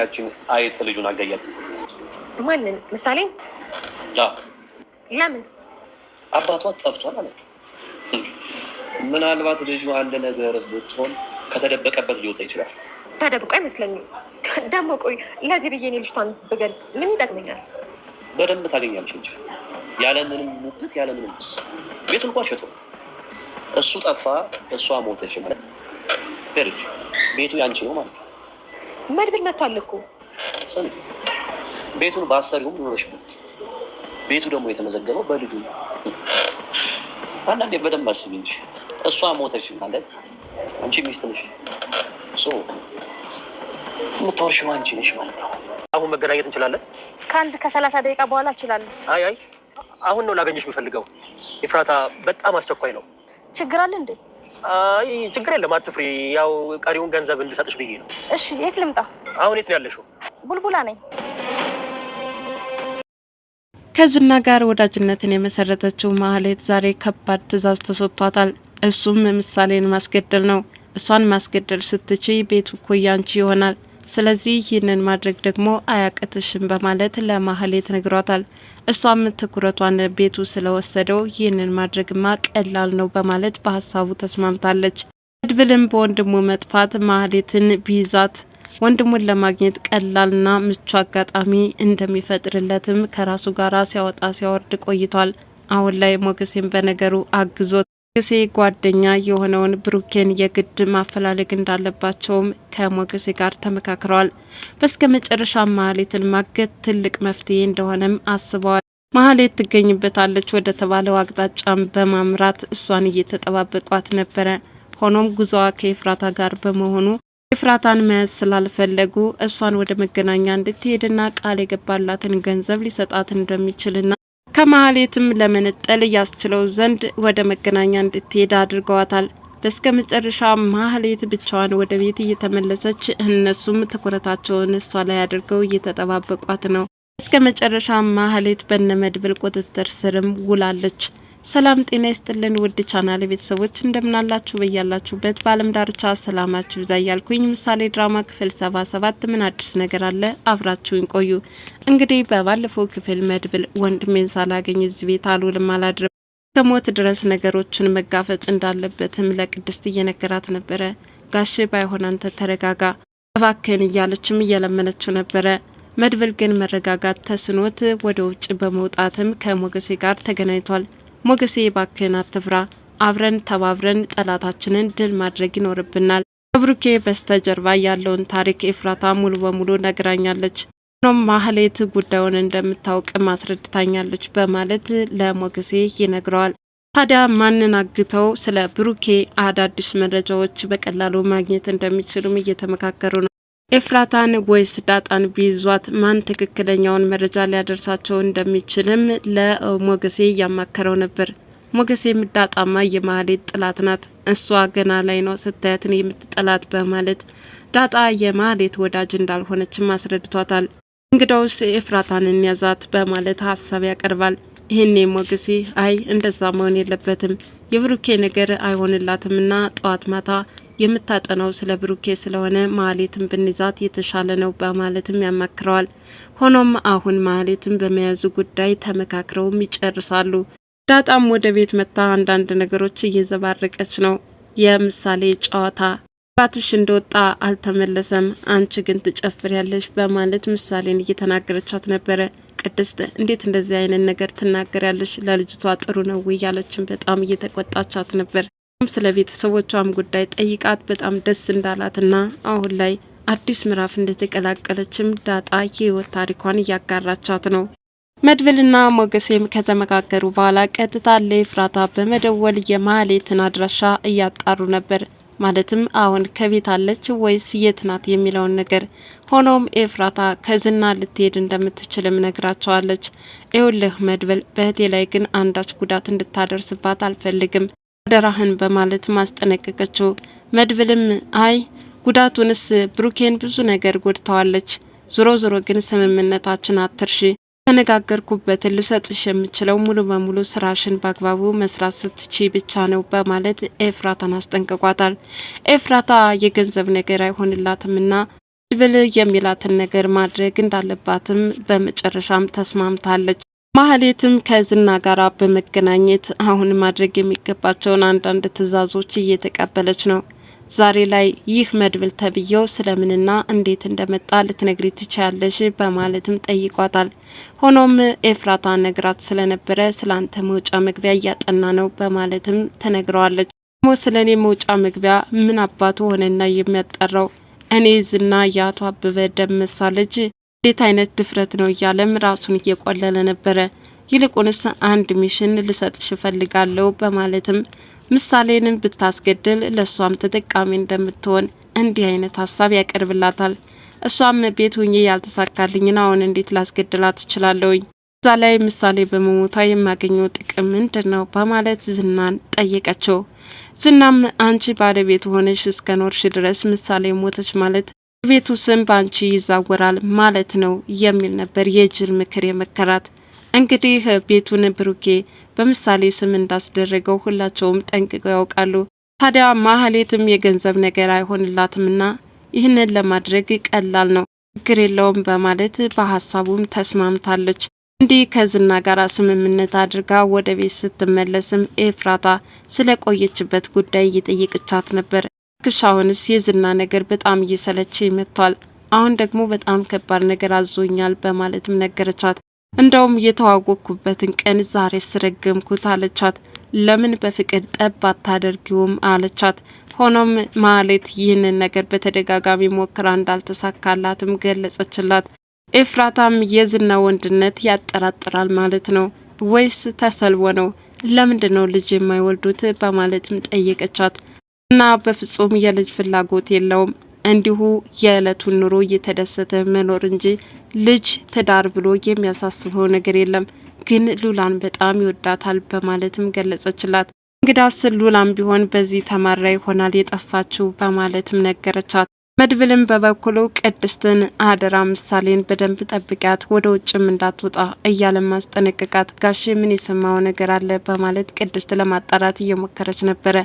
ያችን አይጥ ልጁን አጋያት። ማንን? ምሳሌ። ለምን? አባቷ ጠፍቷል አለችው። ምናልባት ልጁ አንድ ነገር ብትሆን ከተደበቀበት ሊወጣ ይችላል። ተደብቆ አይመስለኝም። ደግሞ ቆይ ለዚህ ብዬ እኔ ልጅቷን ብገል ምን ይጠቅመኛል? በደንብ ታገኛለች እንጂ ያለምንም ሙግት ያለምንም ስ ቤት እንኳን ሸጦ እሱ ጠፋ እሷ ሞተች ማለት ቤቱ ያንቺ ነው ማለት ነው። መድብል መጥቷል እኮ ቤቱን በአሰሪውም ኖረሽበት ቤቱ ደግሞ የተመዘገበው በልጁ ነው። አንዳንዴ በደንብ አስቢ እንጂ እሷ ሞተች ማለት አንቺ ሚስት ነሽ፣ የምታወርሽው አንቺ ነሽ ማለት ነው። አሁን መገናኘት እንችላለን? ከአንድ ከሰላሳ ደቂቃ በኋላ እችላለሁ። አይ አይ፣ አሁን ነው ላገኘሽ የሚፈልገው። ኤፍራታ በጣም አስቸኳይ ነው። ችግር አለ እንዴ? አይ ችግር የለም አትፍሪ። ያው ቀሪውን ገንዘብ እንድሰጥሽ ብዬ ነው። እሺ የት ልምጣ? አሁን የት ነው ያለሽው? ቡልቡላ ነኝ። ከዝና ጋር ወዳጅነትን የመሰረተችው ማህሌት ዛሬ ከባድ ትዕዛዝ ተሰጥቷታል። እሱም ምሳሌን ማስገደል ነው። እሷን ማስገደል ስትችይ ቤቱ እኮ ያንቺ ይሆናል ስለዚህ ይህንን ማድረግ ደግሞ አያቅትሽም በማለት ለማህሌት ነግሯታል። እሷም ትኩረቷን ቤቱ ስለወሰደው ይህንን ማድረግማ ቀላል ነው በማለት በሀሳቡ ተስማምታለች። መድብልም በወንድሙ መጥፋት ማህሌትን ቢይዛት ወንድሙን ለማግኘት ቀላልና ምቹ አጋጣሚ እንደሚፈጥርለትም ከራሱ ጋራ ሲያወጣ ሲያወርድ ቆይቷል። አሁን ላይ ሞገሴም በነገሩ አግዞት ሞገሴ ጓደኛ የሆነውን ብሩኬን የግድ ማፈላለግ እንዳለባቸውም ከሞገሴ ጋር ተመካክረዋል። በስከ መጨረሻ ማህሌትን ማገት ትልቅ መፍትሄ እንደሆነም አስበዋል። ማህሌት ትገኝበታለች ወደ ተባለው አቅጣጫም በማምራት እሷን እየተጠባበቋት ነበረ። ሆኖም ጉዞዋ ከኤፍራታ ጋር በመሆኑ ኤፍራታን መያዝ ስላልፈለጉ እሷን ወደ መገናኛ እንድትሄድና ቃል የገባላትን ገንዘብ ሊሰጣት እንደሚችልና ከማህሌትም ለመነጠል እያስችለው ዘንድ ወደ መገናኛ እንድትሄድ አድርገዋታል። በስከ መጨረሻ ማህሌት ብቻዋን ወደ ቤት እየተመለሰች እነሱም ትኩረታቸውን እሷ ላይ አድርገው እየተጠባበቋት ነው። እስከ መጨረሻ ማህሌት በነመድብል ቁጥጥር ስርም ውላለች። ሰላም ጤና ይስጥልን ውድ ቻናል ቤተሰቦች እንደምናላችሁ በያላችሁበት በአለም ዳርቻ ሰላማችሁ ይብዛ እያልኩኝ ምሳሌ ድራማ ክፍል ሰባ ሰባት ምን አዲስ ነገር አለ? አብራችሁን ቆዩ። እንግዲህ በባለፈው ክፍል መድብል ወንድሜን ሳላገኝ እዚህ ቤት አልውልም አላድርም ከሞት ድረስ ነገሮችን መጋፈጥ እንዳለበትም ለቅድስት እየነገራት ነበረ። ጋሽ ባይሆን አንተ ተረጋጋ እባክህን እያለችም እየለመነችው ነበረ። መድብል ግን መረጋጋት ተስኖት ወደ ውጭ በመውጣትም ከሞገሴ ጋር ተገናኝቷል። ሞገሴ የባክህን አትፍራ፣ አብረን ተባብረን ጠላታችንን ድል ማድረግ ይኖርብናል። ከብሩኬ በስተጀርባ ያለውን ታሪክ ኤፍራታ ሙሉ በሙሉ ነግራኛለች። ሆኖም ማህሌት ጉዳዩን እንደምታውቅ ማስረድታኛለች በማለት ለሞገሴ ይነግረዋል። ታዲያ ማንን አግተው ስለ ብሩኬ አዳዲስ መረጃዎች በቀላሉ ማግኘት እንደሚችሉም እየተመካከሩ ነው። ኤፍራታን ወይስ ዳጣን ቢይዟት ማን ትክክለኛውን መረጃ ሊያደርሳቸው እንደሚችልም ለሞገሴ እያማከረው ነበር። ሞገሴ ዳጣማ የማህሌት ጥላት ናት፣ እሷ ገና ላይ ነው ስታያትን የምትጠላት በማለት ዳጣ የማህሌት ወዳጅ እንዳልሆነችም አስረድቷታል። እንግዳውስ ኤፍራታን እንያዛት በማለት ሀሳብ ያቀርባል። ይህኔ ሞገሴ አይ እንደዛ መሆን የለበትም የብሩኬ ነገር አይሆንላትምና ጠዋት ማታ የምታጠናው ስለ ብሩኬ ስለሆነ ማህሌትን ብንዛት የተሻለ ነው በማለትም ያማክረዋል። ሆኖም አሁን ማህሌትን በመያዙ ጉዳይ ተመካክረውም ይጨርሳሉ። ዳጣም ወደ ቤት መጥታ አንዳንድ ነገሮች እየዘባረቀች ነው። የምሳሌ ጨዋታ ባትሽ እንደወጣ አልተመለሰም፣ አንቺ ግን ትጨፍሪያለሽ በማለት ምሳሌን እየተናገረቻት ነበረ። ቅድስት እንዴት እንደዚህ አይነት ነገር ትናገሪያለሽ? ለልጅቷ ጥሩ ነው እያለችን በጣም እየተቆጣቻት ነበር። ስለ ቤተሰቦቿም ጉዳይ ጠይቃት በጣም ደስ እንዳላትና አሁን ላይ አዲስ ምዕራፍ እንደተቀላቀለችም ዳጣ የህይወት ታሪኳን እያጋራቻት ነው። መድብልና ሞገሴም ከተመካከሩ በኋላ ቀጥታ ለኤፍራታ በመደወል የማህሌትን አድራሻ እያጣሩ ነበር። ማለትም አሁን ከቤት አለች ወይስ የት ናት የሚለውን ነገር። ሆኖም ኤፍራታ ከዝና ልትሄድ እንደምትችልም ነግራቸዋለች። ይኸውልህ መድብል፣ በእህቴ ላይ ግን አንዳች ጉዳት እንድታደርስባት አልፈልግም አደራህን በማለት ማስጠነቀቀችው። መድብልም አይ ጉዳቱንስ ብሩኬን ብዙ ነገር ጎድተዋለች፣ ዞሮ ዞሮ ግን ስምምነታችን አትርሺ፣ ተነጋገርኩበትን ልሰጥሽ የምችለው ሙሉ በሙሉ ስራሽን በአግባቡ መስራት ስትቺ ብቻ ነው በማለት ኤፍራታን አስጠንቅቋታል። ኤፍራታ የገንዘብ ነገር አይሆንላትምና ድብል የሚላትን ነገር ማድረግ እንዳለባትም በመጨረሻም ተስማምታለች። ማህሌትም ከዝና ጋር በመገናኘት አሁን ማድረግ የሚገባቸውን አንዳንድ ትዕዛዞች እየተቀበለች ነው። ዛሬ ላይ ይህ መድብል ተብዬው ስለምንና እንዴት እንደመጣ ልትነግሪ ትችያለሽ በማለትም ጠይቋታል። ሆኖም ኤፍራታ ነግራት ስለነበረ አንተ መውጫ መግቢያ እያጠና ነው በማለትም ተነግረዋለች። ሞ ስለ እኔ መውጫ መግቢያ ምን አባቱ ሆነና የሚያጠራው እኔ ዝና የአቶ አበበ ደመሳ ልጅ እንዴት አይነት ድፍረት ነው እያለም ራሱን እየቆለለ ነበረ። ይልቁንስ አንድ ሚሽን ልሰጥሽ እፈልጋለሁ በማለትም ምሳሌንም ብታስገድል ለእሷም ተጠቃሚ እንደምትሆን እንዲህ አይነት ሀሳብ ያቀርብላታል። እሷም ቤት ሁኜ ያልተሳካልኝን አሁን እንዴት ላስገድላት እችላለሁኝ? እዛ ላይ ምሳሌ በመሞቷ የማገኘው ጥቅም ምንድን ነው በማለት ዝናን ጠየቀችው። ዝናም አንቺ ባለቤት ሆነሽ እስከ ኖርሽ ድረስ ምሳሌ ሞተች ማለት ቤቱ ስም በአንቺ ይዛወራል ማለት ነው የሚል ነበር የጅል ምክር የመከራት። እንግዲህ ቤቱን ብሩኬ በምሳሌ ስም እንዳስደረገው ሁላቸውም ጠንቅቀው ያውቃሉ። ታዲያ ማህሌትም የገንዘብ ነገር አይሆንላትምና ይህንን ለማድረግ ቀላል ነው፣ ችግር የለውም በማለት በሀሳቡም ተስማምታለች። እንዲህ ከዝና ጋር ስምምነት አድርጋ ወደ ቤት ስትመለስም ኤፍራታ ስለቆየችበት ጉዳይ እየጠየቅቻት ነበር። እባክሽ አሁንስ የዝና ነገር በጣም እየሰለች መጥቷል። አሁን ደግሞ በጣም ከባድ ነገር አዞኛል በማለትም ነገረቻት። እንደውም የተዋወቅኩበትን ቀን ዛሬ ስረገምኩት አለቻት። ለምን በፍቅር ጠብ አታደርጊውም አለቻት። ሆኖም ማለት ይህንን ነገር በተደጋጋሚ ሞክራ እንዳልተሳካላትም ገለጸችላት። ኤፍራታም የዝና ወንድነት ያጠራጥራል ማለት ነው ወይስ ተሰልቦ ነው? ለምንድን ነው ልጅ የማይወልዱት በማለትም ጠየቀቻት። እና በፍጹም የልጅ ፍላጎት የለውም። እንዲሁ የዕለቱን ኑሮ እየተደሰተ መኖር እንጂ ልጅ፣ ትዳር ብሎ የሚያሳስበው ነገር የለም። ግን ሉላን በጣም ይወዳታል በማለትም ገለጸችላት። እንግዳስ ሉላም ቢሆን በዚህ ተማራ ይሆናል የጠፋችው በማለትም ነገረቻት። መድብልም በበኩሉ ቅድስትን አደራ ምሳሌን በደንብ ጠብቂያት፣ ወደ ውጭም እንዳትወጣ እያለ ማስጠነቀቃት። ጋሽ ምን የሰማው ነገር አለ በማለት ቅድስት ለማጣራት እየሞከረች ነበረ።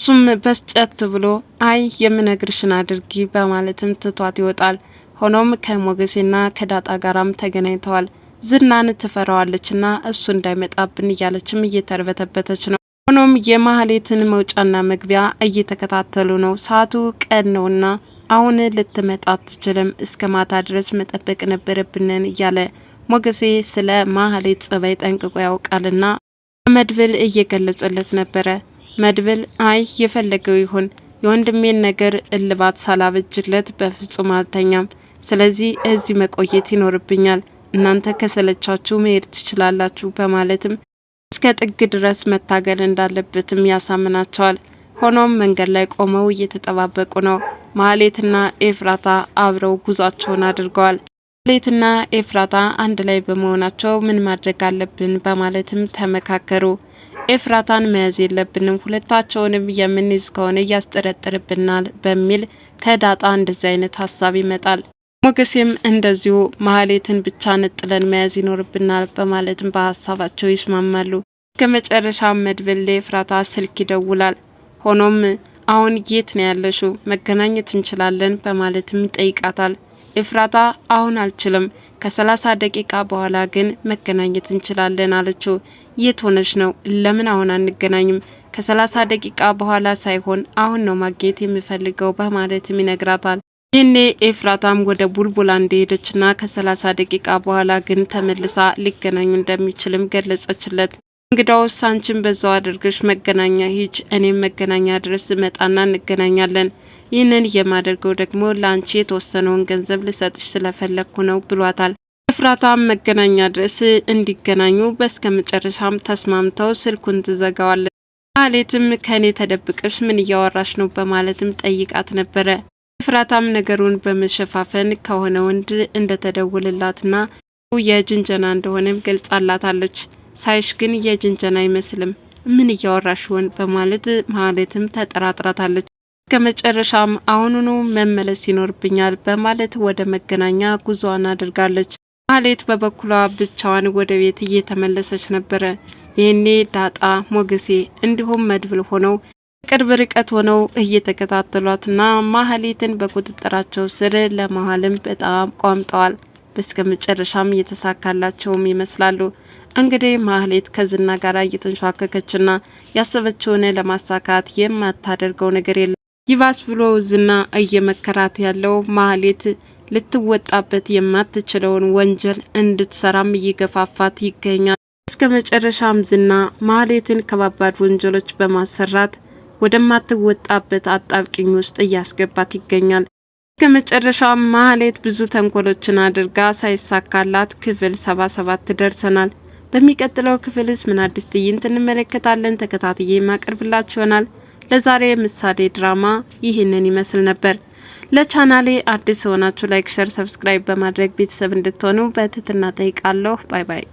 እሱም በስጨት ብሎ አይ የምነግርሽን አድርጊ በማለትም ትቷት ይወጣል። ሆኖም ከሞገሴና ከዳጣ ጋራም ተገናኝተዋል። ዝናን ትፈራዋለችና እሱ እንዳይመጣብን እያለችም እየተርበተበተች ነው። ሆኖም የማህሌትን መውጫና መግቢያ እየተከታተሉ ነው። ሰዓቱ ቀን ነውና አሁን ልትመጣ አትችልም፣ እስከ ማታ ድረስ መጠበቅ ነበረብንን እያለ ሞገሴ ስለ ማህሌት ጸባይ ጠንቅቆ ያውቃልና መድብል እየገለጸለት ነበረ። መድብል አይ የፈለገው ይሁን የወንድሜን ነገር እልባት ሳላበጅለት በፍጹም አልተኛም። ስለዚህ እዚህ መቆየት ይኖርብኛል፣ እናንተ ከሰለቻችሁ መሄድ ትችላላችሁ በማለትም እስከ ጥግ ድረስ መታገል እንዳለበትም ያሳምናቸዋል። ሆኖም መንገድ ላይ ቆመው እየተጠባበቁ ነው። ማህሌትና ኤፍራታ አብረው ጉዟቸውን አድርገዋል። ማህሌትና ኤፍራታ አንድ ላይ በመሆናቸው ምን ማድረግ አለብን በማለትም ተመካከሩ። ኤፍራታን መያዝ የለብንም ሁለታቸውንም የምንይዝ ከሆነ እያስጠረጥርብናል በሚል ከዳጣ እንደዚህ አይነት ሀሳብ ይመጣል። ሞገሴም እንደዚሁ ማህሌትን ብቻ ነጥለን መያዝ ይኖርብናል በማለትም በሀሳባቸው ይስማማሉ። ከመጨረሻ መድብል ለኤፍራታ ስልክ ይደውላል። ሆኖም አሁን የት ነው ያለሹ መገናኘት እንችላለን በማለትም ይጠይቃታል። ኤፍራታ አሁን አልችልም፣ ከሰላሳ ደቂቃ በኋላ ግን መገናኘት እንችላለን አለችው። የት ሆነች ነው? ለምን አሁን አንገናኝም? ከሰላሳ ደቂቃ በኋላ ሳይሆን አሁን ነው ማግኘት የምፈልገው በማለትም ይነግራታል። ይህኔ ኤፍራታም ወደ ቡልቡላ እንደሄደችና ከሰላሳ ደቂቃ በኋላ ግን ተመልሳ ሊገናኙ እንደሚችልም ገለጸችለት። እንግዳውስ አንቺን በዛው አድርገሽ መገናኛ ሂጅ፣ እኔም መገናኛ ድረስ መጣና እንገናኛለን። ይህንን የማደርገው ደግሞ ለአንቺ የተወሰነውን ገንዘብ ልሰጥሽ ስለፈለግኩ ነው ብሏታል። ኤፍራታ መገናኛ ድረስ እንዲገናኙ በስከ መጨረሻም ተስማምተው ስልኩን ትዘጋዋለች። ማህሌትም ከእኔ ተደብቀሽ ምን እያወራሽ ነው በማለትም ጠይቃት ነበረ። ኤፍራታም ነገሩን በመሸፋፈን ከሆነ ወንድ እንደተደውልላትና የጅንጀና እንደሆነም ገልጻላታለች። ሳይሽ ግን የጅንጀና አይመስልም ምን እያወራሽ ሆን በማለት ማህሌትም ተጠራጥራታለች። ከመጨረሻም አሁኑኑ መመለስ ይኖርብኛል በማለት ወደ መገናኛ ጉዞዋን አድርጋለች። ማሌት በበኩሏ ብቻዋን ወደ ቤት እየተመለሰች ነበረ። ይህኔ ዳጣ፣ ሞገሴ እንዲሁም መድብል ሆነው ቅርብ ርቀት ሆነው እየተከታተሏትና ማህሌትን በቁጥጥራቸው ስር ለመሀልም በጣም ቋምጠዋል። በስከ መጨረሻም እየተሳካላቸውም ይመስላሉ። እንግዲህ ማህሌት ከዝና ጋር እየተንሸዋከከችና ያሰበችውን ለማሳካት የማታደርገው ነገር የለም። ይባስ ብሎ ዝና እየመከራት ያለው ማህሌት ልትወጣበት የማትችለውን ወንጀል እንድትሰራም እየገፋፋት ይገኛል። እስከ መጨረሻም ዝና ማህሌትን ከባባድ ወንጀሎች በማሰራት ወደማትወጣበት አጣብቂኝ ውስጥ እያስገባት ይገኛል። እስከ መጨረሻም ማህሌት ብዙ ተንኮሎችን አድርጋ ሳይሳካላት ክፍል ሰባ ሰባት ደርሰናል። በሚቀጥለው ክፍልስ ምን አዲስ ትዕይንት እንመለከታለን? ተከታትዬ ማቀርብላችሁ ይሆናል። ለዛሬ ምሳሌ ድራማ ይህንን ይመስል ነበር። ለቻናሌ አዲስ የሆናችሁ ላይክ፣ ሸር፣ ሰብስክራይብ በማድረግ ቤተሰብ እንድትሆኑ በትህትና ጠይቃለሁ። ባይ ባይ።